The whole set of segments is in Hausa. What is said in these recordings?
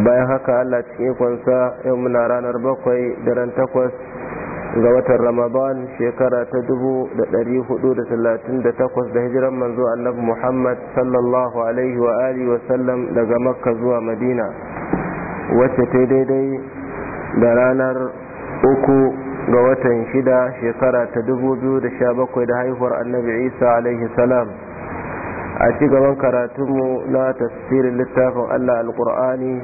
bayan haka Allah cikin kwansa yau muna ranar bakwai daren takwas ga watan Ramadan shekara ta dubu da dari hudu da talatin da takwas da hijiran manzo annabi Muhammad sallallahu alaihi wa alihi wa sallam daga Makka zuwa Madina wacce ta daidai da ranar uku ga watan shida shekara ta dubu biyu da sha bakwai da haihuwar annabi Isa alaihi salam. a ci gaban karatunmu na tafsirin littafin Allah alkur'ani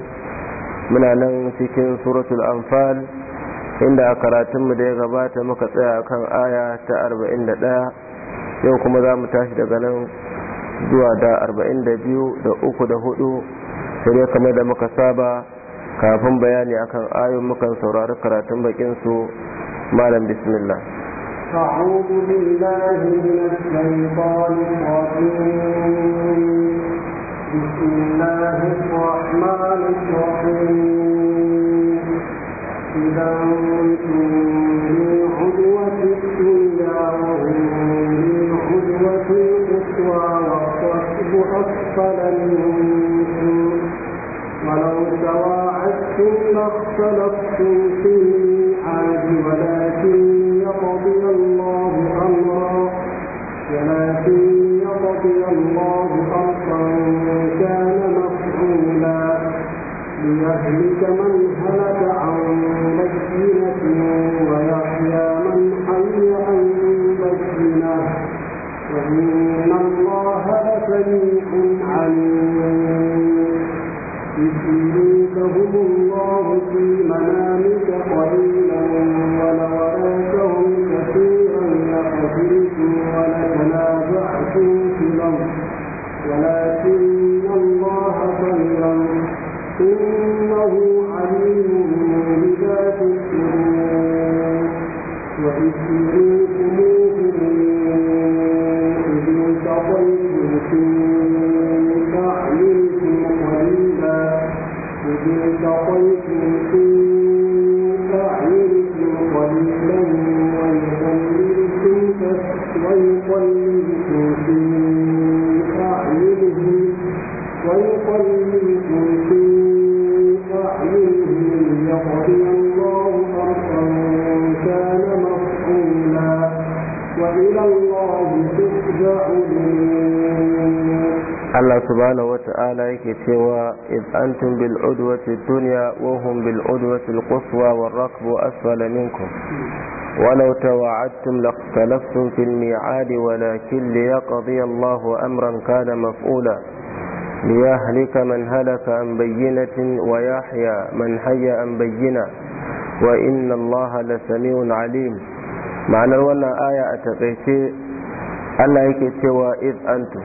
muna nan cikin suratul anfal inda a karatunmu da ya gabata muka tsaya kan aya ta 41 yau kuma za mu tashi daga nan zuwa da 42 da uku da hudu sai dai kamar da muka saba kafin bayani akan ayon mukan saurari karatun bakin su malam bismillah أعوذ بالله من الشيطان الرجيم بسم الله الرحمن الرحيم إذا أنتم بالعدوة الدنيا وهم بالعدوة القصوى والصحب أسفل منكم ولو تواعدتم ما في الميعاد ولا يعطي الله خلقا كان مفعولا ليهلك من هلك عن بينه yake إذ أنتم بالعدوة الدنيا وهم بالعدوة القصوى والركب أسفل منكم ولو تواعدتم لاختلفتم في الميعاد ولكن ليقضي الله أمرا كان مفعولا ليهلك من هلك عن بينة ويحيى من حي عن بينة وإن الله لسميع عليم معنى الولى آية أتقيتي ألا يكتوى إذ أنتم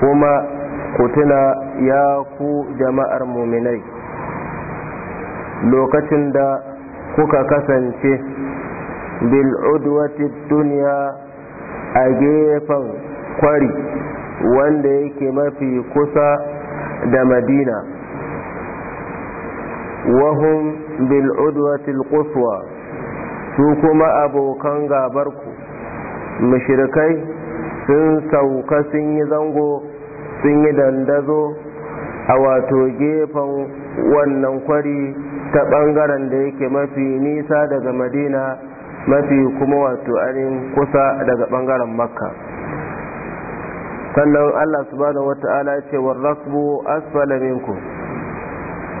كما ku ya ku jama'ar muminai lokacin da kuka kasance bil'udwati duniya a gefen kwari wanda yake mafi kusa da madina wahun bil'udwati kuswa su kuma abokan gabarku mushirikai sun sauka sun yi zango sun yi dandazo a wato gefen wannan kwari ta bangaren da yake mafi nisa daga madina mafi kuma wato anin kusa daga bangaren makka sannan allah subhanahu wata'ala ce wa rasbu asfala minkum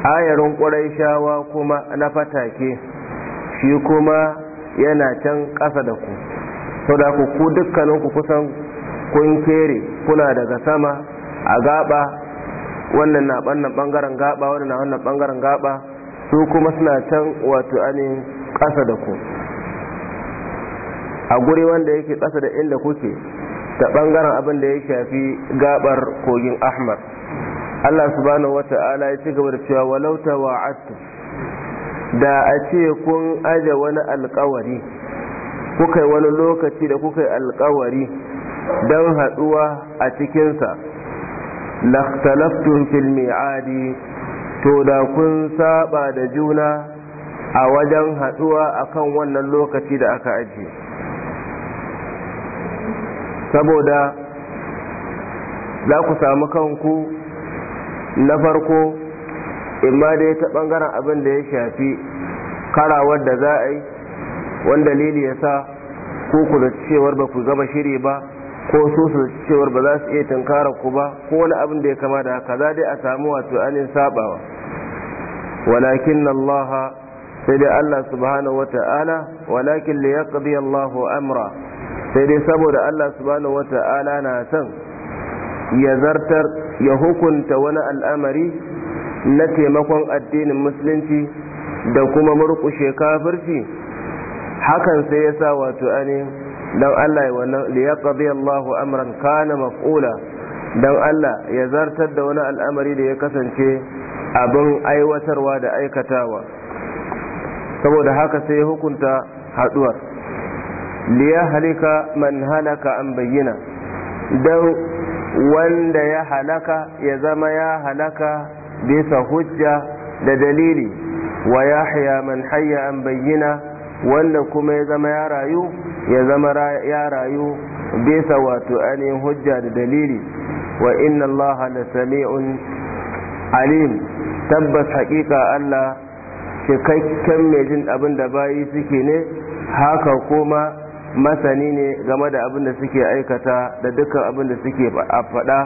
ayarin shawa kuma na fatake shi kuma yana can ƙasa da ku so da ku dukkaninku kusan kun kere kuna daga sama a gaba wannan na wannan bangaren gaba wannan na wannan bangaren gaba su kuma suna can wato anin kasa da ku a guri wanda yake kasa da inda kuke da bangaren abin da ya shafi gabar kogin ahmar allah subhanahu wata'ala ya ci gaba da cewa walau tawa'attu da a ce kun aje wani alkawari kuka yi wani lokaci da kuka yi alkawari don haɗuwa a cikinsa laktalaftun fil mi'adi to da kun saba da juna a wajen haduwa akan wannan lokaci da aka ajiye saboda za ku samu kanku na farko da dai ta ɓangaren abin da ya shafi karawar da za a yi wanda dalili ya sa ko ku da cewar ba ku gama shiri ba ko su su cewar ba za su iya tunkara ku ba ko wani abin da ya kama da haka za dai a samu wato anin sabawa walakin Allah sai dai Allah subhanahu wata'ala walakin li yaqdi Allahu amra sai dai saboda Allah subhanahu wata'ala na san ya zartar ya hukunta wani al'amari na taimakon addinin musulunci da kuma murƙushe kafirci hakan sai ya sa wato anin don Allah ya wannan liyaqdi Allahu amran kana maf'ula don Allah ya zartar da wani al'amari da ya kasance abin aiwatarwa da aikatawa saboda haka sai ya hukunta haduwar liya halika man halaka an bayyana don wanda ya halaka ya zama ya halaka bisa hujja da dalili wa yahya man hayya an bayyana wanda kuma ya zama ya rayu ya zama ya rayu bisa wato ainihin hujja da dalili wa inna Allah la sami'un alim tabbas hakika Allah cikakken mai jin abin da bayi suke ne haka kuma masani ne game da abin da suke aikata da dukkan abin da suke faɗa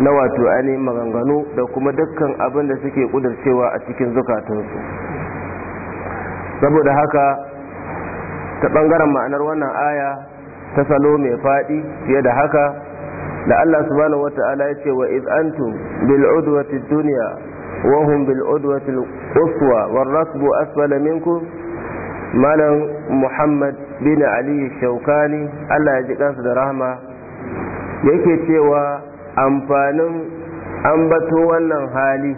na wato ainihin maganganu da kuma dukkan abin da suke ƙudurcewa a cikin zukatunsu saboda haka ta bangaren ma'anar wannan aya ta salo mai faɗi fiye da haka da Allah subhanahu wata'ala ya ce wa iz antum bil udwati dunya wa hum bil udwati uswa war rasbu asfala minkum malam Muhammad bin Ali Shaukani Allah ya ji kansu da rahama yake cewa amfanin ambato wannan hali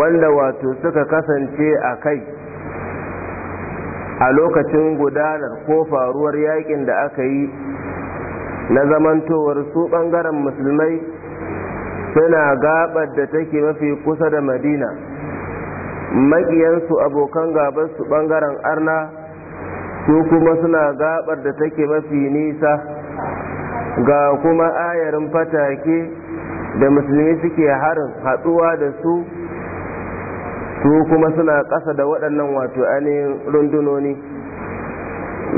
wanda wato suka kasance a kai a lokacin gudanar ko faruwar yakin da aka yi na zamantowar su ɓangaren musulmai suna gabar da take mafi kusa da madina maƙiyansu abokan gabarsu bangaren arna su kuma suna gabar da take mafi nisa ga kuma ayarin fatake da musulmi suke harin haɗuwa da su su kuma suna ƙasa da waɗannan wato ainihin rundunoni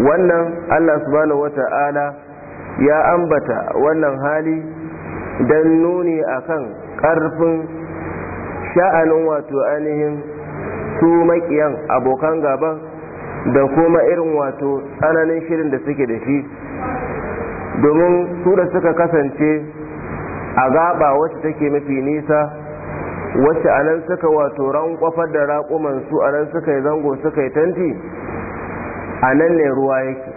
wannan allah subhanahu wata'ala ya ambata wannan hali don nuni akan ƙarfin sha'anin wato ainihin su maƙiyan abokan gaban da kuma irin wato tsananin shirin da suke da shi domin su da suka kasance a gaba wacce take mafi nisa wacce a nan suka wato ran kwafar da raƙuman su a nan suka yi zango suka yi tanti a nan ne ruwa yake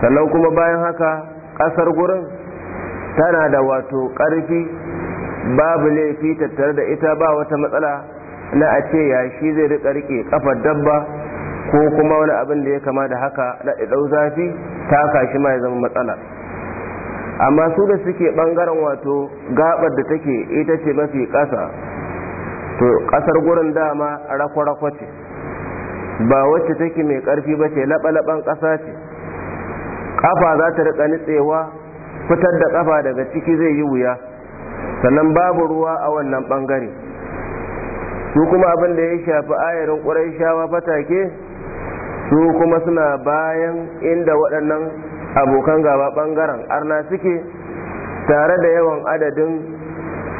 sannan kuma bayan haka ƙasar gurin tana da wato ƙarfi babu laifi tattare da ita ba wata matsala na a ce ya shi zai rika riƙe ƙafar dabba ko kuma wani abin da ya kama da haka na ɗau zafi ta kashi ma ya zama matsala amma su da suke bangaren wato gabar da take ita ce mafi ƙasa to ƙasar gurin dama rakwa-rakwa ce ba wacce take mai ƙarfi ba ce laɓa-laɓan ƙasa ce ƙafa za ta riƙa nitsewa fitar da ƙafa daga ciki zai yi wuya sannan babu ruwa a wannan ɓangare su kuma abin da ya shafi ayarin ƙurai shawa fatake su kuma suna bayan inda waɗannan abokan gaba bangaren arna suke tare da yawan adadin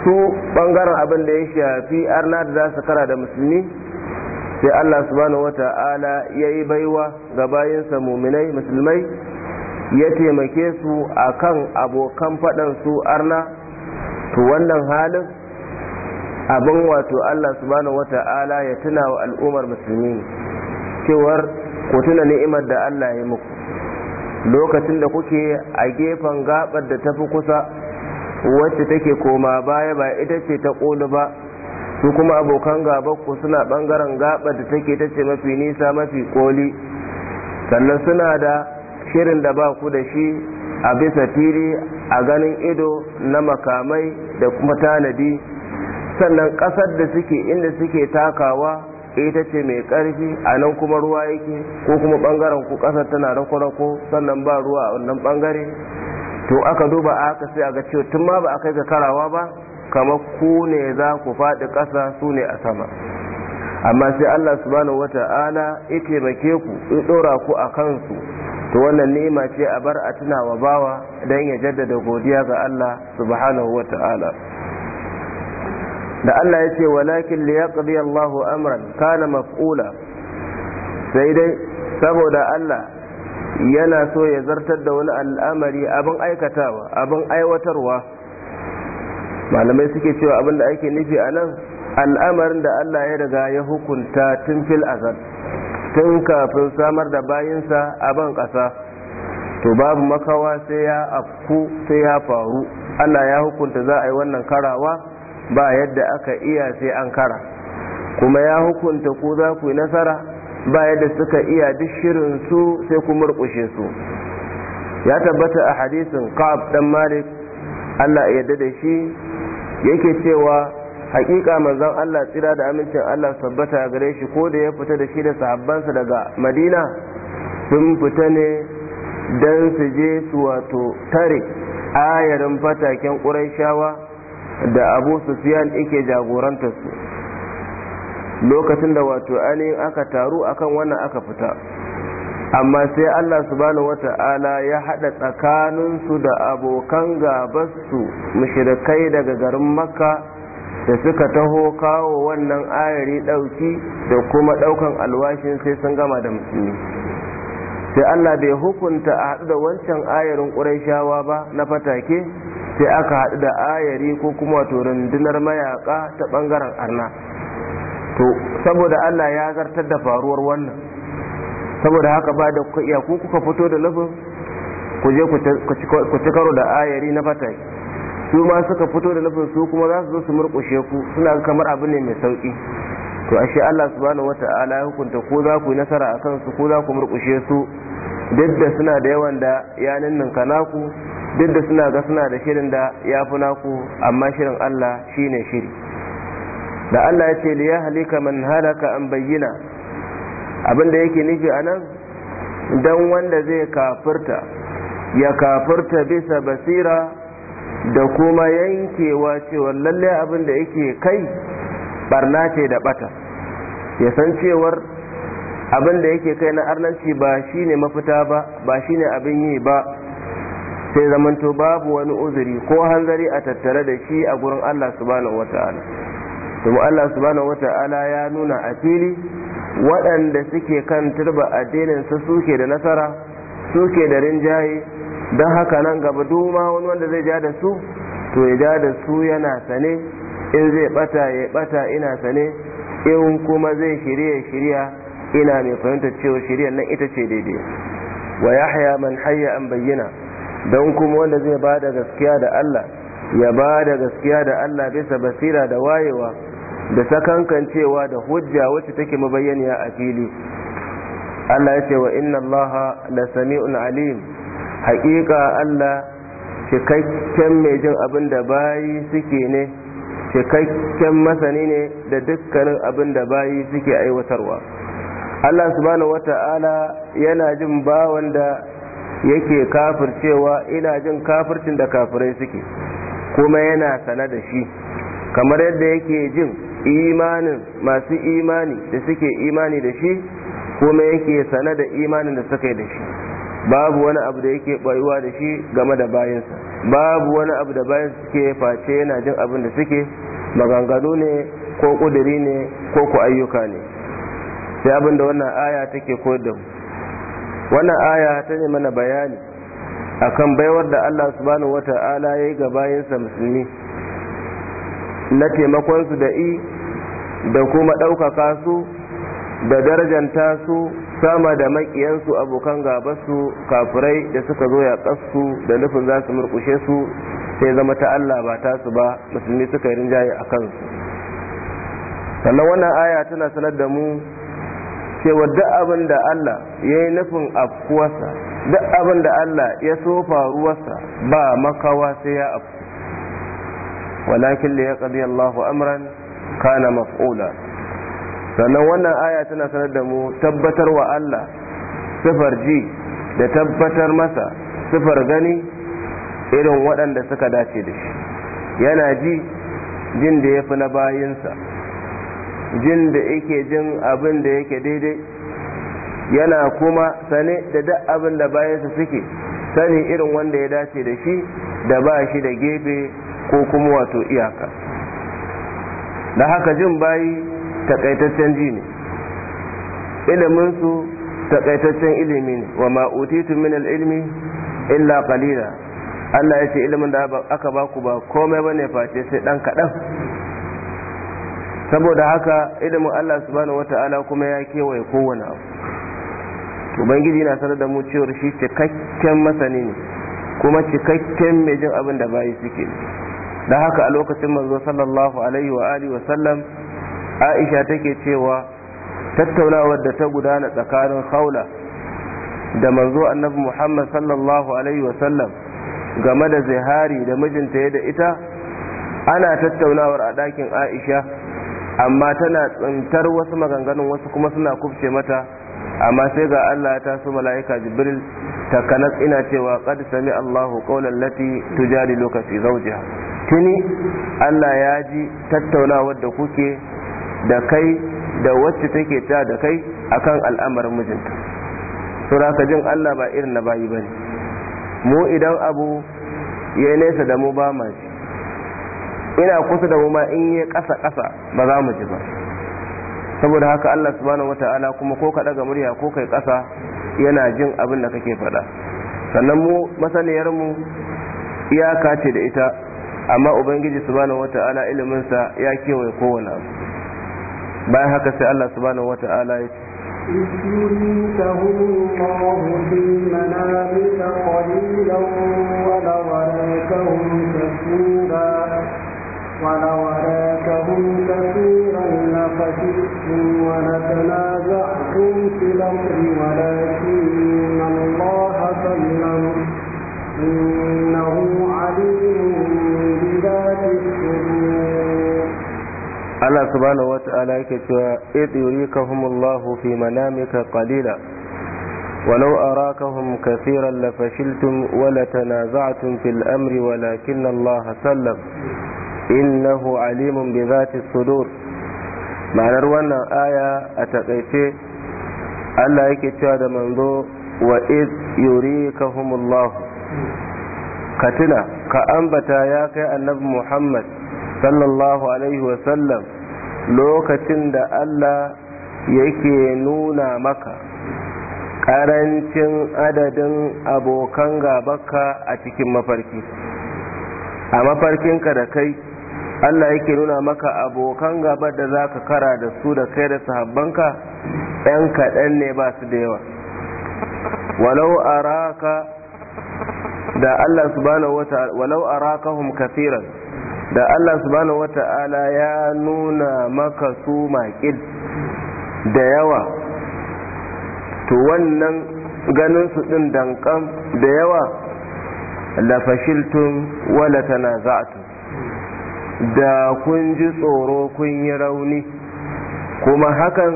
su bangaren abin da ya shafi arna da za su kara da musulmi sai allah subhanahu wa ta'ala ya yi baiwa ga bayinsa muminai musulmai ya taimake su a kan abokan faɗan su arna to wannan halin abin wato allah subhanahu wa ta'ala ya tuna wa al'ummar musulmi cewar ku tuna ni'imar da allah ya muku lokacin da kuke a gefen gabar da tafi kusa wacce take koma baya ba ita ce ta ƙoli ba su kuma abokan ku suna ɓangaren gabar da take ta ce mafi nisa mafi ƙoli sannan suna da shirin da ba ku da shi a bisa fili a ganin ido na makamai da kuma tanadi sannan ƙasar da suke inda suke takawa ita ce mai ƙarfi a nan kuma ruwa yake ko kuma ɓangaren ku ƙasar tana rako-rako sannan ba ruwa a wannan ɓangare to aka duba a haka sai aga cewa tun ma ba a kai ga karawa ba kamar ku ne za ku faɗi ƙasa su ne a sama amma sai Allah subhanahu ta'ala ya taimake ku ya ɗora ku a kansu to wannan ni'ima ce a bar a tunawa bawa don ya jaddada godiya ga Allah subhanahu ta'ala da Allah ya ce walakin liyaqdi Allahu amran kana maf'ula sai dai saboda Allah yana so ya zartar da wani al'amari abin aikatawa abin aiwatarwa malamai suke cewa abin da ake nufi a nan al'amarin da Allah ya riga ya hukunta tun fil azal tun kafin samar da bayinsa a ban ƙasa to babu makawa sai ya afku sai ya faru Allah ya hukunta za a yi wannan karawa ba yadda aka iya sai an kara kuma ya hukunta ku za ku yi nasara ba yadda suka iya duk shirin su sai ku murƙushe su ya tabbata a hadisin qab dan malik Allah ya yarda da shi yake cewa hakika manzon Allah tsira da amincin Allah tabbata gare shi ko da ya fita da shi da sahabbansa daga Madina sun fita ne dan su je su wato tare ayarin fataken Qurayshawa da abu siyan yake jagoranta su lokacin da wato ainihin aka taru akan wannan aka fita amma sai Allah su subhanahu wata'ala ya haɗa tsakaninsu da abokan gabasu mashirkai daga garin makka da suka taho kawo wannan ayari ɗauki da kuma ɗaukan alwashin sai sun gama da musulmi sai Allah bai hukunta a haɗu da wancan ayarin ƙurayshawa ba na fatake sai aka haɗu da ayari ko kuma wato rundunar mayaka ta ɓangaren arna to saboda Allah ya zartar da faruwar wannan saboda haka ba da iya ku kuka fito da lafin ku je ku ci karo da ayari na fatai su ma suka fito da lafin su kuma za su zo su murƙushe ku suna kamar abu ne mai sauƙi to ashe Allah subhanahu wata'ala ya hukunta ko za ku yi nasara a kansu ko za ku murƙushe su duk da suna da yawan da ya ninninka naku duk da suna ga suna da shirin da ya fi naku amma shirin Allah shine shiri da Allah ya ce li ya halika man halaka an bayyana abinda yake nufi a nan don wanda zai kafirta ya kafurta bisa basira da kuma yankewa cewa lalle abinda yake kai barna ce da bata ya san cewar abinda yake kai na arnanci ba shine mafita ba ba shine abin yi ba sai zamanto babu wani uzuri ko hanzari a tattare da shi a gurin Allah subhanahu wata'ala kuma Allah subhanahu wata'ala ya nuna a fili waɗanda suke kan turba addinin su suke da nasara suke da rinjaye don haka nan gaba duma wani wanda zai ja da su to ya ja da su yana sane in zai bata ya bata ina sane in kuma zai shirya shirya ina mai fahimtar cewa shiryar nan ita ce daidai wa yahya man hayya an bayyana don kuma wanda zai ba da gaskiya da Allah ya ba da gaskiya da Allah bisa basira da wayewa da sakankancewa da hujja wacce take mabayyaniya a fili Allah ya ce wa inna Allaha la sami'un alim haƙiƙa Allah cikakken mai jin abin da bayi suke ne cikakken masani ne da dukkanin abin da bayi suke aiwatarwa Allah subhanahu wata'ala yana jin bawan da yake kafircewa ina jin kafircin da kafirai suke kuma yana sana da shi kamar yadda yake jin imanin masu imani da suke imani da shi kuma yake sana da imanin da suka yi da shi babu wani abu da yake bayuwa da shi game da bayansa babu wani abu da bayan suke face yana jin abin da suke maganganu ne ko kuduri ne ko ku ayyuka ne sai abin da wannan aya take koyar da mu wannan aya ta ne mana bayani akan baiwar da Allah subhanahu wata'ala ya yi ga bayansa musulmi na taimakonsu da i da kuma ɗaukaka su da darajanta su sama da maƙiyansu abokan gabasu kafirai da suka zo ya su, da nufin za su murkushe su sai zama ta Allah ba ta su ba musulmi suka yi rinjaye a kansu sannan wannan aya tana sanar da mu cewa duk abin da Allah ya yi nufin afkuwarsa duk abin da Allah ya so faruwarsa ba makawa sai ya afku walakin da ya ƙadi Allahu amran kana maf'ula sannan wannan aya tana sanar da mu tabbatar wa Allah sifar ji da tabbatar masa sifar gani irin waɗanda suka dace da shi yana ji jin da ya fi na bayinsa jin da yake jin abin da yake daidai yana kuma sane da duk abin da bayansa suke sani irin wanda ya dace da shi da ba shi da gefe ko kuma wato iyaka da haka jin bayi takaitaccen ji ne iliminsu takaitaccen ilimi ne wa ma'utitu min ilimi illa qalila Allah ya ce ilimin da aka baku ba komai bane face sai dan kaɗan saboda haka ilimin Allah subhanahu wata'ala kuma ya kewaye kowane abu ubangiji na sanar da mu cewar shi cikakken masani ne kuma cikakken mai jin abin da bayi suke da haka a lokacin manzo sallallahu alaihi wa alihi wa sallam Aisha take cewa tattaunawar da ta gudana tsakanin Khawla da manzo Annabi Muhammad sallallahu alaihi wa sallam game da zihari da mijinta da ita ana tattaunawar a ɗakin Aisha amma tana tsintar wasu maganganun wasu kuma suna kufce mata amma sai ga Allah ya taso mala'ika Jibril ta kanas ina cewa qad sami Allahu qawlan lati tujadiluka fi zawjiha tuni Allah ya ji tattaunawar da kuke da kai da wacce take ta da kai akan al'amarin mijinta sura ka jin Allah ba irin na bayi bane mu idan abu ya nesa da mu ba ma ina kusa da mu in yi ƙasa ƙasa ba za mu ji ba saboda haka Allah subhanahu wata'ala kuma ko ka daga murya ko kai ƙasa yana jin abin da kake faɗa sannan mu masaniyar mu iyaka ce da ita amma ubangiji subhanahu wata'ala ilimin sa ya kewaye kowane abu bayan haka sai Allah subhanahu wata'ala ya ce ولو أراكهم كثيرا لفتئتم ولتنازعتم في الأمر ولكن الله سلم إنه عليم بذات الصدور الله سبحانه وتعالى كتب اذ يريكهم الله في منامك قليلا ولو أراكهم كثيرا لفشلتم ولتنازعتم في الأمر ولكن الله سلم innahu alimun bi zati sudur ma'anar wannan aya a takaice Allah yake cewa da manzo wa id yurikahumullah ka tuna ka ambata ya kai annabi Muhammad sallallahu alaihi wa sallam lokacin da Allah yake nuna maka karancin adadin abokan gabaka a cikin mafarki a mafarkinka da kai Allah yake nuna maka abokan gaba da za ka kara da su da kai da sahabbanka ɗan kaɗan ne ba su da yawa walau raka da Allah subhanahu wata'ala walau arakahum kafiran da Allah subhanahu wata'ala ya nuna maka su maƙil da yawa to wannan ganin su ɗin dankan da yawa lafashiltun wala wala tanaza'tum da kun ji tsoro kun yi rauni kuma hakan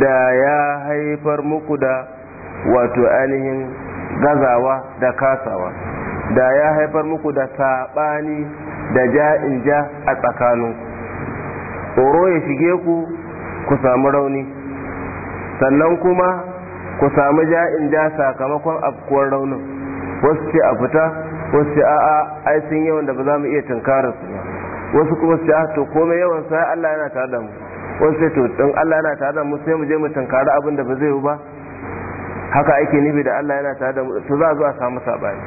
da ya haifar muku da wato ainihin gazawa da kasawa da ya haifar muku da saɓani da ja'in ja a tsakaninku tsoro ya shige ku ku samu rauni sannan kuma ku samu ja'in ja sakamakon afkuwar raunin wasu ce a fita wasu ce a'a ai sun yawan da ba za mu iya tunkararsu ba wasu kuma su ce ah, to komai yawan sai Allah yana tare da mu wasu sai to dan Allah yana tare da mu sai mu je mu tunkari abin da ba zai yi ba haka ake nufi da Allah yana tare da mu to za a zo a samu sabani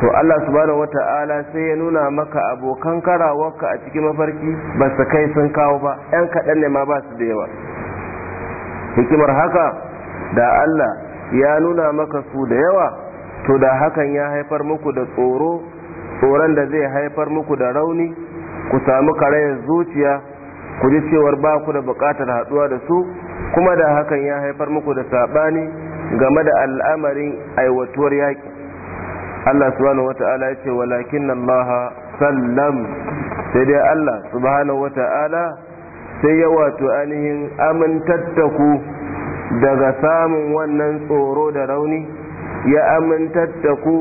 to Allah subhanahu wata'ala sai ya nuna maka abokan karawarka a cikin mafarki ba su kai sun kawo ba yan kaɗan ne ma ba su da yawa hikimar haka da Allah ya nuna maka su da yawa to da hakan ya haifar muku da tsoro tsoron da zai haifar muku da rauni ku samu karayar zuciya ku ji cewar ba ku da buƙatar haɗuwa da su kuma da hakan ya haifar muku da saɓani game da al'amarin aiwatuwar yaƙi Allah subhanahu wata'ala ya ce walakin sallam sai dai Allah subhanahu wata'ala sai ya wato ainihin amintattaku daga samun wannan tsoro da rauni ya amintattaku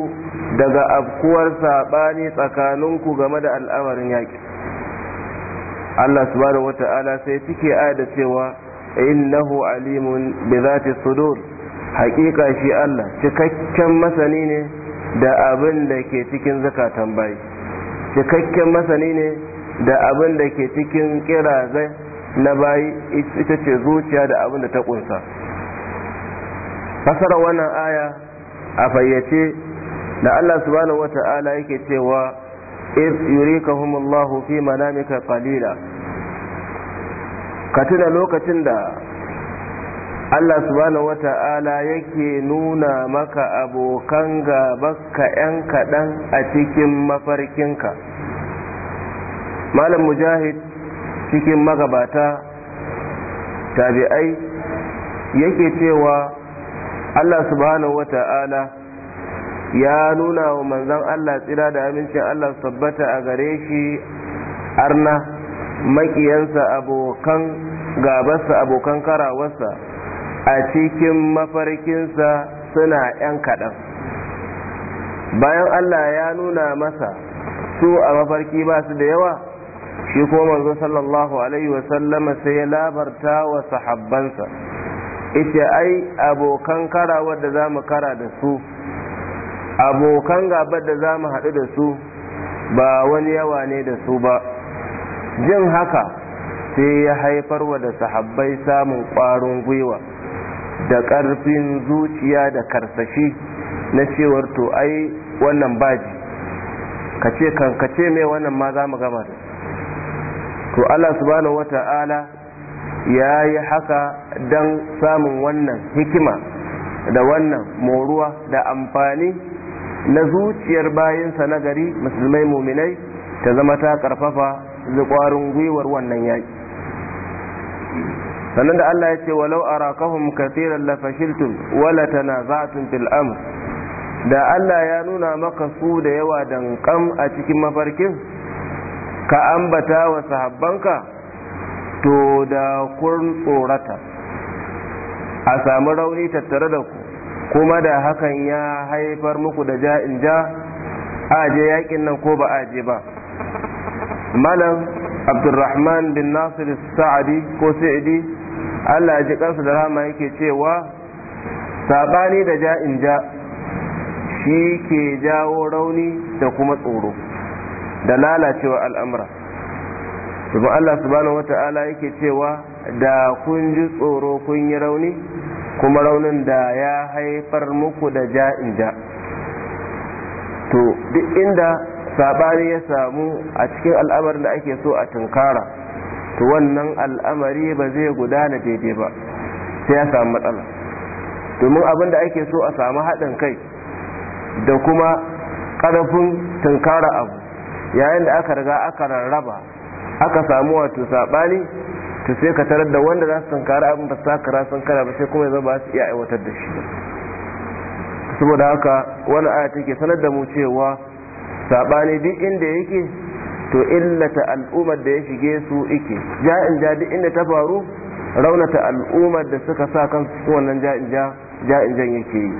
daga afkuwar saɓani tsakaninku game da al'amarin yaƙi Allah subhanahu wa ta'ala sai cike ayyada cewa innahu alimun bi zati sudur haƙiƙa shi Allah cikakken masani ne da abin da ke cikin zakatan bayi cikakken masani ne da abin da ke cikin kirazai na bayi ita ce zuciya da abin da ta ƙunsa fasara wannan aya a fayyace da Allah subhanahu wata'ala yake cewa iz yurikahumullahu fi manamika qalila ka tuna lokacin da Allah subhanahu wata'ala yake nuna maka abokan gabanka 'yan kaɗan a cikin mafarkinka malam mujahid cikin magabata tabi'ai yake cewa Allah subhanahu wata'ala ya nuna wa manzon Allah tsira da amincin Allah tabbata a gare shi arna makiyansa abokan gabarsa abokan karawarsa a cikin mafarkinsa suna 'yan kaɗan bayan Allah ya nuna masa su a mafarki ba su da yawa shi ko manzo sallallahu alaihi wasallama sai ya labarta wa sahabbansa ita ai abokan karawar da za mu kara da su abokan gaba da za mu haɗu da su ba wani yawa ne da su ba jin haka sai ya haifar wa da sahabbai samun ƙwarin gwiwa da ƙarfin zuciya da karsashi na cewar to ai wannan baji ka ce kan ka ce mai wannan ma za mu gama da to Allah subhanahu ta'ala ya yi haka don samun wannan hikima da wannan moruwa da amfani na zuciyar bayinsa na gari musulmai muminai ta zama ta karfafa kwarin gwiwar wannan yaki sannan da Allah ya ce walau arakahum kathiran la fashiltum wala tanaza'tum fil amr da Allah ya nuna maka su da yawa kam a cikin mafarkin ka ambata wa sahabbanka to da kun tsorata a samu rauni tattare da ku kuma da hakan ya haifar muku da ja'in ja a je yakin nan ko ba a je ba malam abdurrahman bin nasir sa'adi ko sa'idi allah ji kansu da rama yake cewa saɓani da ja'in ja shi ke jawo rauni da kuma tsoro da lalacewa al'amura allah subhanahu wata'ala yake cewa da kun ji tsoro kun yi rauni kuma raunin da ya haifar muku da ja'in ja to duk inda sabani ya samu a cikin al'amarin da ake so a tunkara to wannan al'amari ba zai gudana daidai ba sai ya samu matsala domin abin da ake so a samu haɗin kai da kuma ƙarfin tunkara abu yayin da aka riga aka rarraba aka samu wato saɓani to sai ka tarar da wanda za su tunkara abin ba su takara sun kara ba sai kuma ya ba su iya aiwatar da shi saboda haka wani aya take sanar da mu cewa saɓani duk inda yake to illata al'ummar da ya shige su ike ja'in ja duk inda ta faru raunata al'ummar da suka sa kansu su wannan ja'in ja ja'in jan yake yi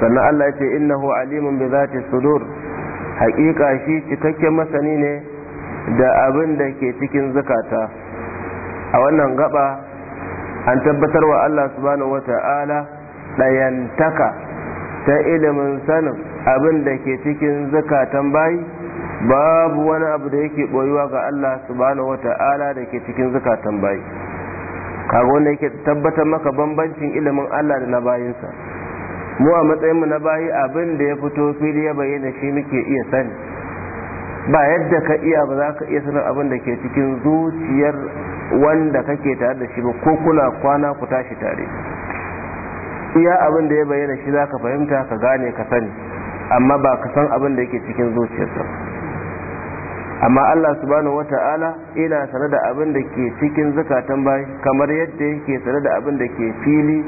sannan Allah ya ce innahu alimun bi zati sudur haƙiƙa shi cikakken masani ne da abin da ke cikin zakata a wannan gaba an tabbatar wa Allah subhanahu wata'ala ɗayantaka ta ilimin sanin abin da ke cikin zakatan bayi babu wani abu da yake boyuwa ga Allah subhanahu wata'ala da ke cikin zakatan bayi kaga wanda yake tabbatar maka bambancin ilimin Allah da na bayinsa mu a matsayinmu na bayi abin da ya fito fili ya bayyana shi muke iya sani ba yadda ka iya ba za ka iya sanar abin da ke cikin zuciyar wanda kake tare da shi ba ko kuna kwana ku tashi tare iya abin da ya bayyana shi za ka fahimta ka gane ka sani amma ba ka san abin da yake cikin zuciyarsa amma Allah subhanahu ta'ala ina sane da abin da ke cikin zukatan bai kamar yadda yake sane da abin da ke fili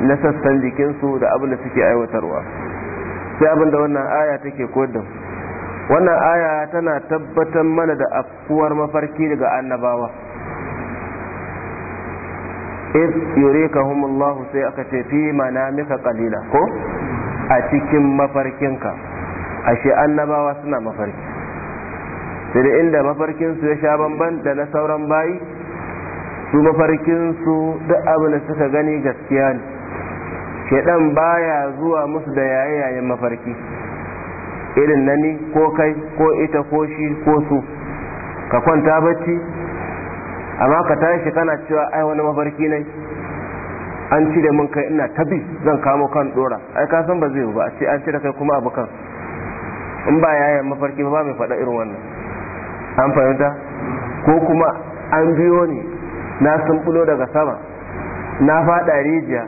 na sassan jikinsu da abin da suke aiwatarwa sai abin da wannan aya take koyar da wannan aya tana tabbatar mana da afkuwar mafarki daga annabawa iz yurikahum Allah sai aka ce fi manamika qalila ko a cikin mafarkinka ashe annabawa suna mafarki sai inda mafarkin su ya sha bamban da na sauran bayi su mafarkin su duk abin da suka gani gaskiya ne shedan baya zuwa musu da yayin mafarki irin na ni ko kai ko ita ko shi ko su ka kwanta bacci amma ka tashi kana cewa ai wani mafarki ne an cire min kai ina tabi zan kamo kan dora ai ka san ba zai ba a ce an cire kai kuma abu kan in ba yaya mafarki ba mai faɗa irin wannan an fahimta ko kuma an biyo ni na sumbulo daga sama na faɗa rijiya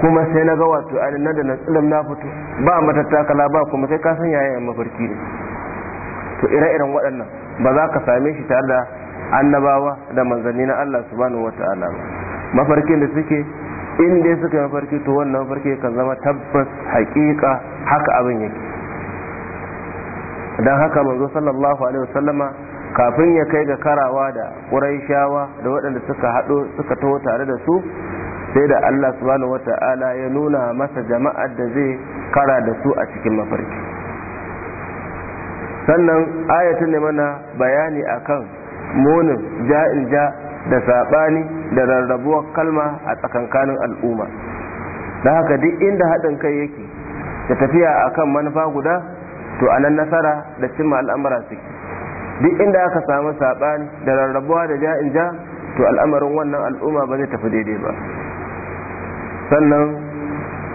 kuma sai na ga wato a nan da na tsilam na fito ba matattakala ba kuma sai ka san yayin mafarki ne to ire-iren waɗannan ba za ka same shi tare da annabawa da manzanni na Allah subhanahu wata'ala ba mafarkin da suke in dai suka mafarki to wannan mafarki kan zama tabbas haƙiƙa haka abin yake don haka manzo sallallahu alaihi wasallama kafin ya kai ga karawa da ƙuraishawa da waɗanda suka haɗo suka taho tare da su sai da Allah subhanahu wata'ala ya nuna masa jama'ar da zai kara da su a cikin mafarki sannan ayatun ne mana bayani akan munin ja'in ja da sabani da rarrabuwar kalma a tsakankanin al'umma da haka duk inda haɗin kai yake da tafiya akan manufa guda to anan nasara da cimma al'amura suke duk inda aka samu sabani da rarrabuwa da ja'in ja to al'amarin wannan al'umma ba zai tafi daidai ba sannan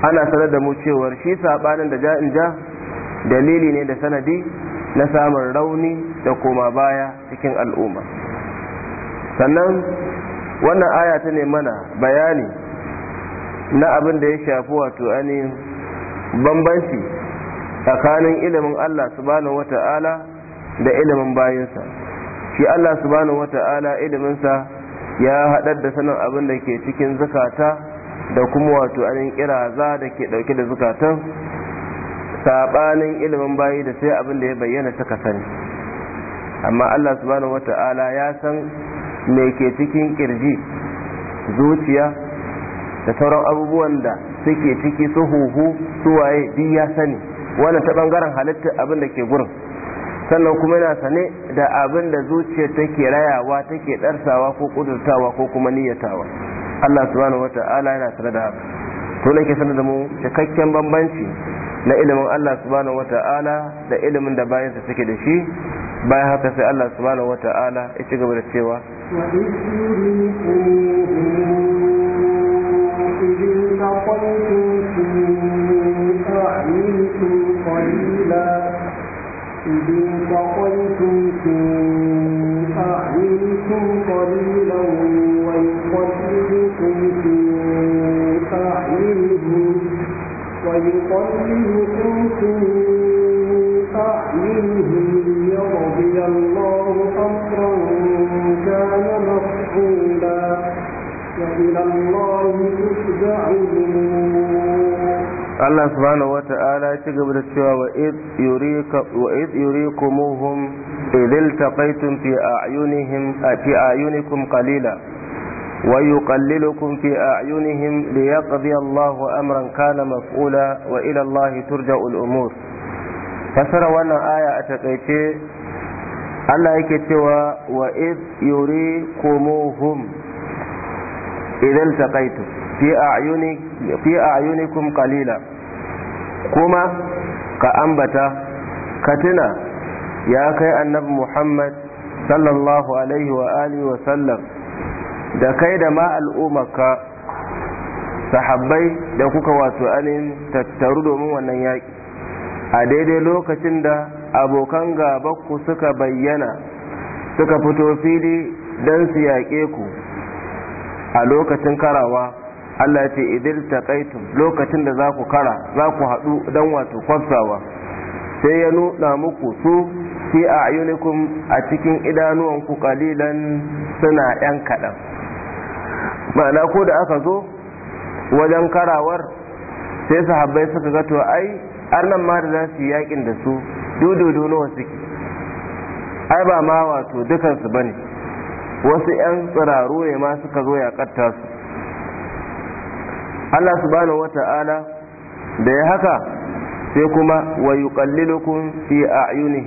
ana sanar da mu cewar shi sabanin da ja'in ja dalili ne da sanadi na samun rauni da koma baya cikin al'umma sannan wannan aya ta ne mana bayani na abin da ya shafi wato ainihin bambanci tsakanin ilimin Allah subhanahu wata'ala da ilimin bayinsa shi Allah subhanahu wata'ala iliminsa ya haɗar da sanin abin da ke cikin zakata da kuma wato anin kiraza da ke dauke da zukatan sabanin ilimin bayi da sai abin da ya bayyana suka sani amma Allah subhanahu wata'ala ya san me ke cikin kirji zuciya da sauran abubuwan da suke ciki su huhu su waye duk ya sani wannan ta bangaren halitta abin da ke gurin sannan kuma yana sane da abin da zuciya take rayawa take ɗarsawa ko kudurtawa ko kuma niyyatawa Allah subhanahu wata'ala yana tare da haka to ne ke sanar da mu cikakken bambanci na ilimin Allah subhanahu wata'ala da ilimin da sa take da shi bayan haka sai Allah subhanahu wata'ala ya ci gaba da cewa قليلا إذ انتقلتم في أعينكم قليلا ويقلبكم في أعينهم ويقلبكم في أعينهم ليرضي الله أمرا كان مفعولا وإلى الله تشجع Allah subhanahu wa ta'ala ya ci gaba da cewa wa id yurikumuhum idil taqaytum fi a'yunihim fi a'yunikum qalila ويقللكم في أعينهم ليقضي الله أمرا كان مفعولا وإلى الله ترجع الأمور فسر وانا آية أتقيتي Allah yake cewa wa iz yuri kumuhum idan taqaitu fi a'yuni fi a'yunikum qalila kuma ka ambata katina ya kai annabi Muhammad sallallahu alaihi wa da kai da ma al'ummarka sahabbai da kuka wato anin tattaru domin wannan yaƙi a daidai lokacin da abokan gabanku suka bayyana suka fito fili don su yaƙe ku a lokacin karawa Allah ce idil Takaitu, lokacin da za ku kara za ku haɗu don wato kwafsawa sai ya nuna muku su fi a a cikin idanuwanku kalilan suna 'yan kaɗan ma'ana ko da aka zo wajen karawar sai sahabbai suka ga to ai annan ma da za su yi yakin da su dododo nawa suke ai ba ma wato dukansu ba ne wasu 'yan tsiraro ne ma suka zo ya katta su Allah subhanahu wata'ala da ya haka sai kuma wa yuqallilukum fi a'yuni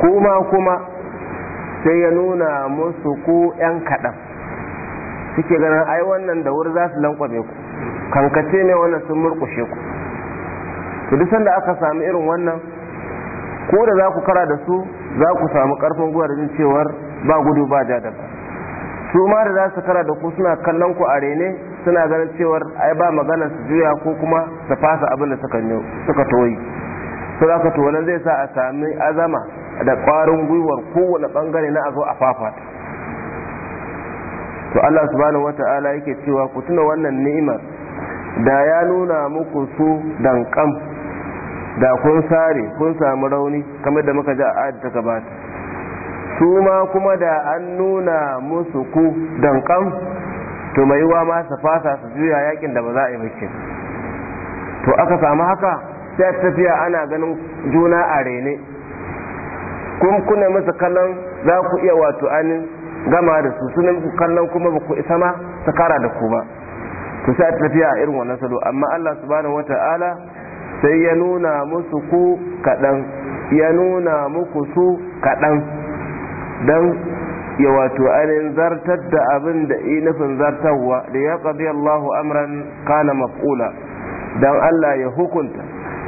kuma kuma sai ya nuna musu ko 'yan kaɗan suke ganin ai wannan da wuri za su lankwabe ku kankace ne wannan sun murkushe ku to duk sanda aka samu irin wannan ko da za ku kara da su za ku samu karfin gwiwa da cewar ba gudu ba ja da ba su ma da za su kara da ku suna kallon ku a rene suna ganin cewar ai ba magana su juya ko kuma su fasa abin da suka toyi su za ka to zai sa a sami azama da kwarin gwiwar kowane bangare na a zo a fafata to Allah subhanahu wata'ala yake cewa ku tuna wannan ni'imar da ya nuna muku su dankam da kun sare kun samu rauni kamar da muka ji a ta gabata su ma kuma da an nuna musu ku dankam to mai yiwa ma su fasa su juya yakin da ba za a yi to aka samu haka sai tafiya ana ganin juna a rene kun kuna musu kallon za ku iya wato anin gama da su sunan kallon kuma ba ku isa ma su kara da ku ba ku sa tafiya a irin wannan salo amma Allah subhanahu wata'ala sai ya nuna musu ku kaɗan ya nuna muku su kaɗan don ya wato ainihin zartar da abin da nufin zartarwa da ya ƙabi Allahu amran kana maf'ula don Allah ya hukunta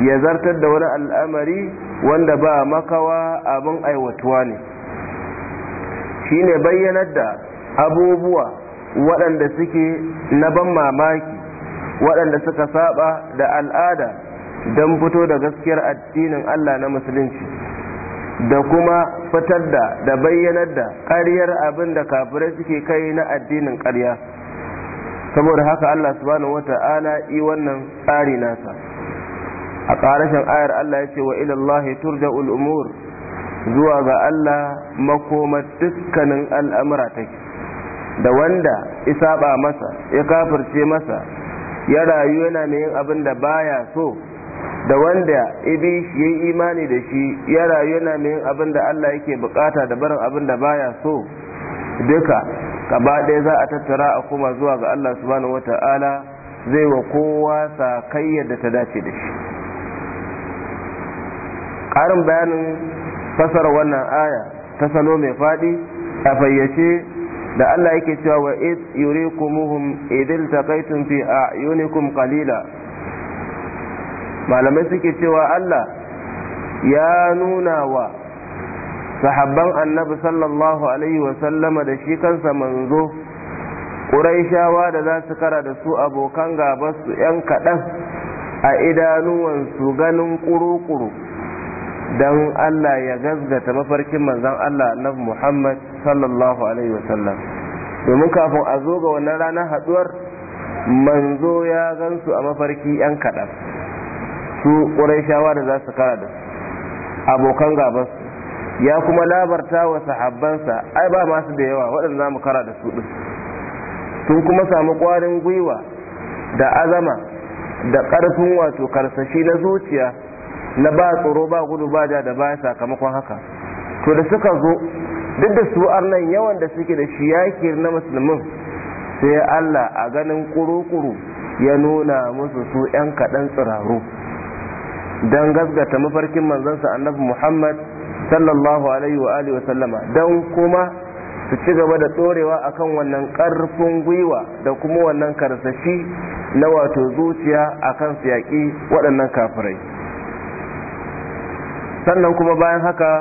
ya zartar da wani al'amari wanda ba makawa abin aiwatuwa ne Shi ne bayyanar da abubuwa waɗanda suke na ban mamaki waɗanda suka saba da al'ada don fito da gaskiyar addinin Allah na musulunci da kuma fitar da da bayyanar da ƙaryar abin da kafirai suke kai na addinin ƙarya saboda haka Allah subhanahu wata'ala yi wannan tsari nasa a ƙarashin ayar Allah ya ce wa ilallahi turja'ul umur zuwa ga Allah makoma dukkanin al'amura take da wanda isaba masa ya kafirce masa ya rayu yana mai yin abin da baya so da wanda ibi shi ya imani da shi ya rayu yana mai yin abin da Allah yake bukata da barin abin da baya so duka gaba ɗaya za a tattara a kuma zuwa ga Allah subhanahu wata'ala zai wa kowa sa kai yadda ta dace da shi ƙarin bayanin fasara wannan aya ta salo mai faɗi a fayyace da Allah yake cewa wa id yurikumuhum idil taqaytum fi a'yunikum qalila malamai suke cewa Allah ya nuna wa sahabban annabi sallallahu alaihi wa sallama da shi kansa manzo ƙuraishawa da za su kara da su abokan su 'yan kaɗan a idanuwansu ganin ƙuru-ƙuru don Allah ya gazgata mafarkin manzon Allah na Muhammad sallallahu alaihi wasallam domin kafin a zo ga wannan ranar haduwar manzo ya gansu a mafarki yan kaɗan su ƙuraishawa da za su kara da abokan gaban ya kuma labarta wa sahabbansa ai ba masu da yawa waɗanda za mu kara da su ɗin sun kuma samu ƙwarin gwiwa da azama da ƙarfin wato karsashi na zuciya na ba tsoro ba gudu ba da baya sakamakon haka to da suka zo duk da su nan yawan da suke da shi yaki na musulmin sai Allah a ganin kuru-kuru ya nuna musu su 'yan kaɗan tsiraro. don gasgata mafarkin manzansa annabi Muhammad sallallahu alaihi wa alihi sallama don kuma su ci gaba da tsorewa akan wannan ƙarfin gwiwa da kuma wannan karsashi na wato zuciya akan su yaƙi waɗannan kafirai sannan kuma bayan haka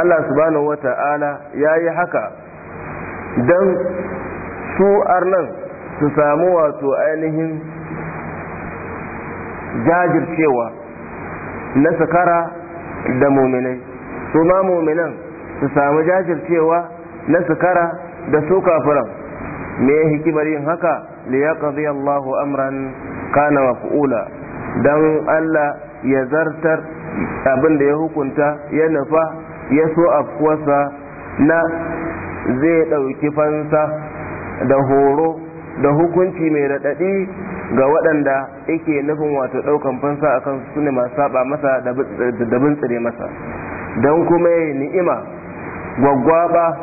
Allah subhanahu ta'ala ya yi haka don su arnan su samu wato ainihin jajircewa na sakara da muminai su ma muminan su samu jajircewa na sakara da su kafiran me hikimar yin haka liyaqdi Allahu amran kana kuula don Allah ya zartar abin da ya hukunta ya nufa ya so afkuwarsa na zai ɗauki fansa da horo da hukunci mai raɗaɗi ga waɗanda yake nufin wato ɗaukan fansa a kan su ne masu saba masa da tsire masa don kuma ya ni'ima gwaggwaba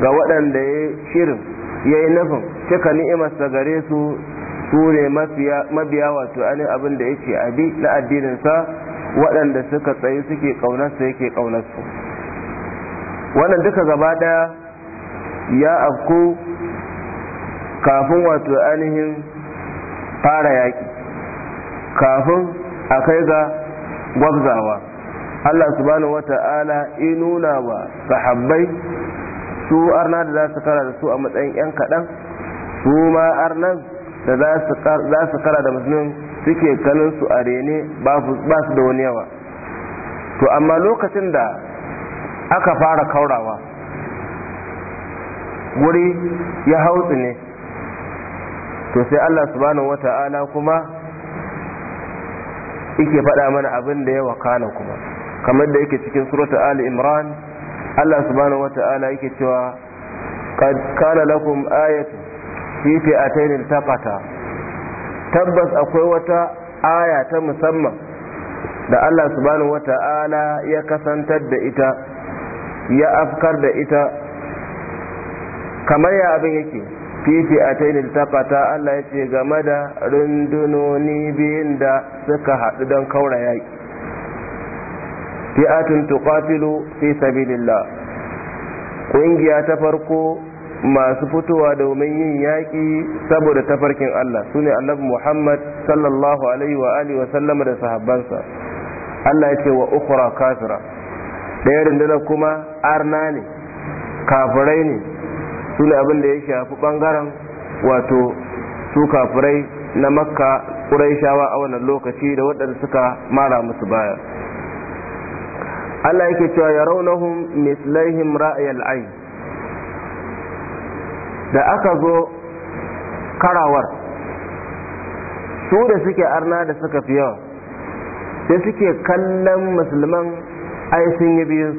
ga waɗanda ya shirin ya yi nufin cika ni'imarsa gare su su ne mabiya wato ani abin da yake abi na addininsa waɗanda suka tsaye suke ƙaunarsa yake ƙaunarsu wannan duka gaba ɗaya ya afku kafin wato ainihin fara yaƙi kafin a kai ga gwabzawa Allah subhanahu wa ta'ala inuna wa sahabbai su arna da za su kara da su a matsayin 'yan kaɗan su ma arnan da za su kara da musulun suke ganin su a rene ba su da wani yawa to amma lokacin da aka fara kaurawa wuri ya hautsi ne to sai Allah subhanahu wata'ala kuma yake faɗa mana abin da ya wakana kuma kamar da yake cikin surata Ali Imran Allah subhanahu wata'ala yake cewa kana lakum ayatu fi fi'atain iltaqata tabbas akwai wata aya ta musamman da Allah subhanahu wata'ala ya kasantar da ita ya afkar da ita kamar ya abin yake fi fi'atain iltaqata Allah ya ce game da rundunoni biyun da suka haɗu don kaura yaƙi fi'atun tuqatilu fi sabilillah ƙungiya ta farko masu fitowa domin yin yaƙi saboda tafarkin Allah su ne annabi Muhammad sallallahu alaihi wa alihi wa sallama da sahabbansa Allah ya ce wa ukhra kafira ɗaya rundunar kuma arna ne kafirai ne su ne abin da ya shafi ɓangaren wato su kafirai na makka ƙuraishawa a wannan lokaci da waɗanda suka mara musu baya Allah yake cewa ya raunahum mislaihim ra'ayal ayn da aka zo karawar su da suke arna da suka fi yawa sai suke kallon musulman sun yi biyu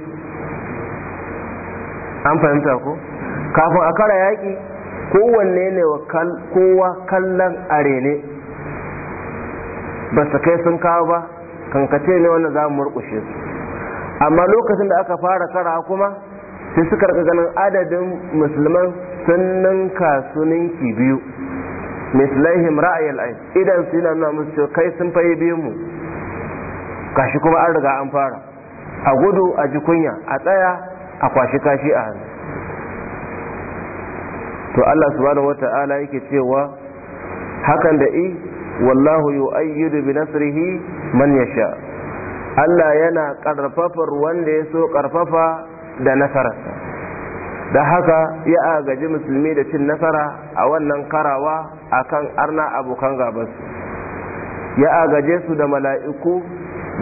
an fahimta ko kafin a kara yaƙi kowanne ne wa kowa kallon arene ba su kai sun kawo ba kankace ne wanda za mu murƙushe su amma lokacin da aka fara kara kuma sai suka ganin adadin musulman sannan kasuninki ki biyu mislaihim ra'ayil ayn idan su yana nuna musu kai sun fayi biyu mu kashi kuma an riga an fara a gudu a ji kunya a tsaya a kwashi kashi a hannu to Allah subhanahu wata'ala yake cewa hakan da i wallahu yu'ayyidu bi nasrihi man yasha Allah yana karfafar wanda ya so karfafa da nasararsa da haka ya agaji musulmi da cin nasara a wannan karawa a kan arna abokan gabansu ya agaje su da mala'iku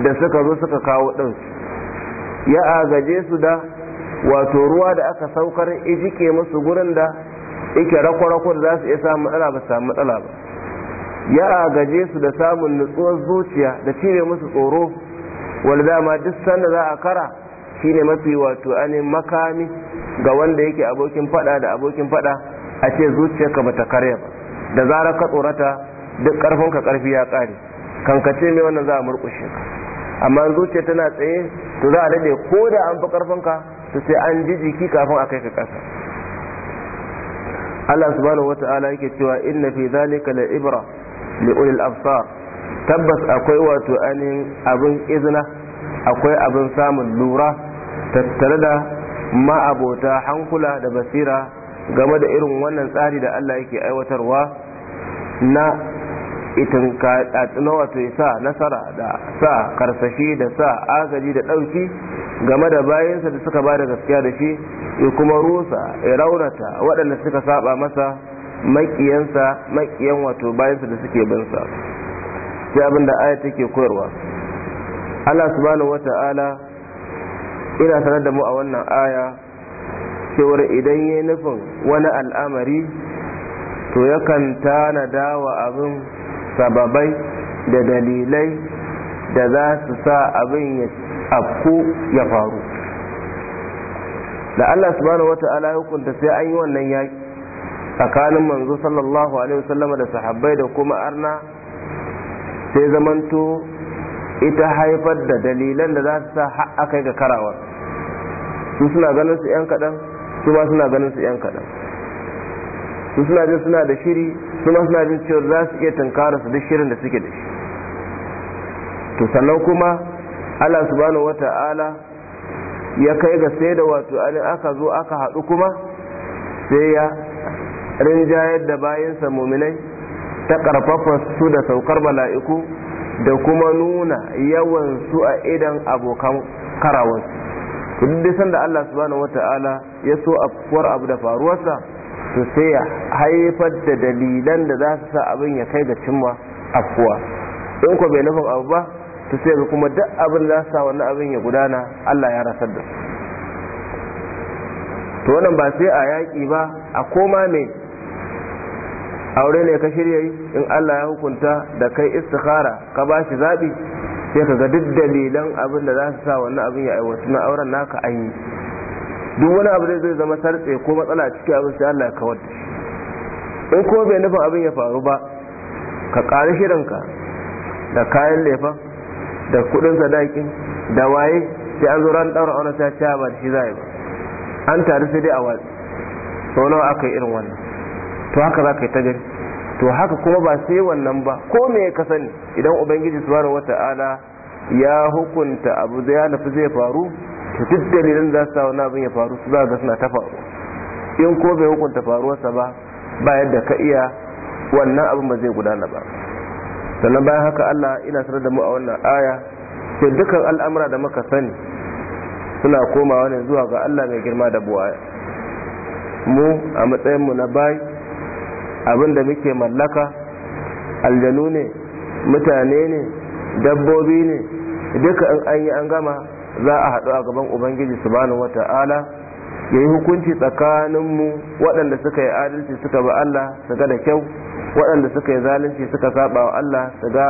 da suka zo suka kawo ɗansu ya agaje su da wato ruwa da aka saukar ijike musu gurin da ike rako-rako da za su iya samun matsala ba samun matsala ba ya agaje su da samun nutsuwar zuciya da cire musu tsoro wanda dama duk sanda za a kara shine mafi wato ainihin makami ga wanda yake abokin fada da abokin fada a ce zuciyarka bata karya ba da zarar ka tsorata duk karfin ka karfi ya kare ce mai wannan za a murkushe ka amma zuciya tana tsaye to za a dade ko da an fi karfin ka to sai an ji jiki kafin a kai ka kasa Allah subhanahu wata'ala yake cewa inna fi zalika la ibra li ulil absar tabbas akwai wato anin abin izina akwai abin samun lura tattare da ma'abota hankula da basira game da irin wannan tsari da Allah yake aiwatarwa na itin na wato sa nasara da sa karsashi da sa agaji da ɗauki game da bayansa da suka ba da gaskiya da shi ya kuma rusa ya raunata waɗanda suka saba masa makiyansa makiyan wato bayansa da suke binsa sai abin da aya take koyarwa Allah subhanahu wata'ala ina sanar da mu a wannan aya cewar idan ya nufin wani al'amari to yakan tanada dawa abin sababai da dalilai da za su sa abin ya afku ya faru da Allah subhanahu wata'ala ya hukunta sai an yi wannan yaki tsakanin manzo sallallahu alaihi wasallama da sahabbai da kuma arna sai zamanto ita haifar da dalilan da za su sa aka yi ga karawar su suna ganin su 'yan kaɗan su ma suna ganin su 'yan kaɗan su suna jin suna da shiri su ma suna jin cewa za su iya tunkara su duk shirin da suke da shi to sannan kuma allah subhanahu wa ta'ala ya kai ga sai da wato alin aka zo aka haɗu kuma sai ya rinjayar da bayansa muminai ta ƙarfafa su da saukar mala'iku da kuma nuna yawan su a idan abokan karawarsu duk san sanda Allah subhanahu wata'ala ya so kuwar abu da faruwarsa su sai ya haifar da dalilan da za su sa abin ya kai ga cimma afkuwa in ko bai nufin abu ba su sai kuma duk abin da za su sa wannan abin ya gudana Allah ya rasar da su to wannan ba sai a yaƙi ba a koma mai aure ne ka shirya yi in Allah ya hukunta da kai istikhara ka ba shi zaɓi sai ka ga duk dalilan abin da za su sa wannan abin ya aiwatu na auren naka an yi duk wani abu zai zama sartse ko matsala a cikin abin sai Allah ya kawar da in ko bai nufin abin ya faru ba ka ƙari shirinka da kayan lefa da kuɗin sadakin da waye sai an zo ran ɗaura aure sai ya ba da shi za ba an tare sai dai a watsi sau nawa aka yi irin wannan to haka za ka yi ta gani to haka kuma ba sai wannan ba ko me ka sani idan ubangiji subhanahu wata'ala ya hukunta abu da ya nufi zai faru to duk dalilan za su sa wani abin ya faru su za ga suna ta faru in ko bai hukunta faruwarsa ba ba yadda ka iya wannan abin ba zai gudana ba sannan bayan haka Allah ina sanar da mu a wannan aya sai dukkan al'amura da muka sani suna komawa ne zuwa ga Allah mai girma da buwaya mu a matsayin mu na bai. abin da muke mallaka aljanu ne mutane ne dabbobi ne duka in an yi an gama za a haɗu a gaban ubangiji subhanahu wata'ala ya yi hukunci tsakaninmu waɗanda suka yi adalci suka ba Allah su ga da kyau waɗanda suka yi zalunci suka saba wa Allah su ga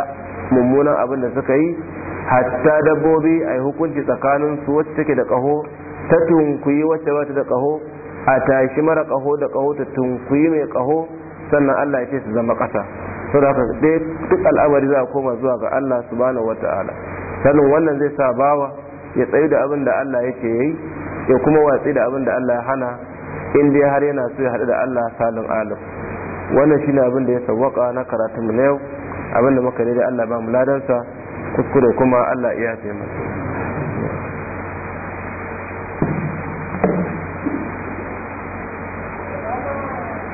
mummunan abin da suka yi hatta dabbobi a yi hukunci tsakanin su wacce take da ƙaho ta tunkuyi wacce ba da ƙaho a tashi mara ƙaho da ƙaho ta tunkuyi mai ƙaho sannan Allah ya ce su zama ƙasa saboda haka duk al'amari za a koma zuwa ga Allah subhanahu wata'ala sannan wannan zai sa bawa ya tsayu da abin da Allah ya ce yi ya kuma watsi da abin da Allah ya hana in dai har yana so ya haɗu da Allah salin alim wannan shine abin da ya sawwaka na karatun mu na yau abin da muka da Allah ba mu ladansa kuskure kuma Allah iya taimaka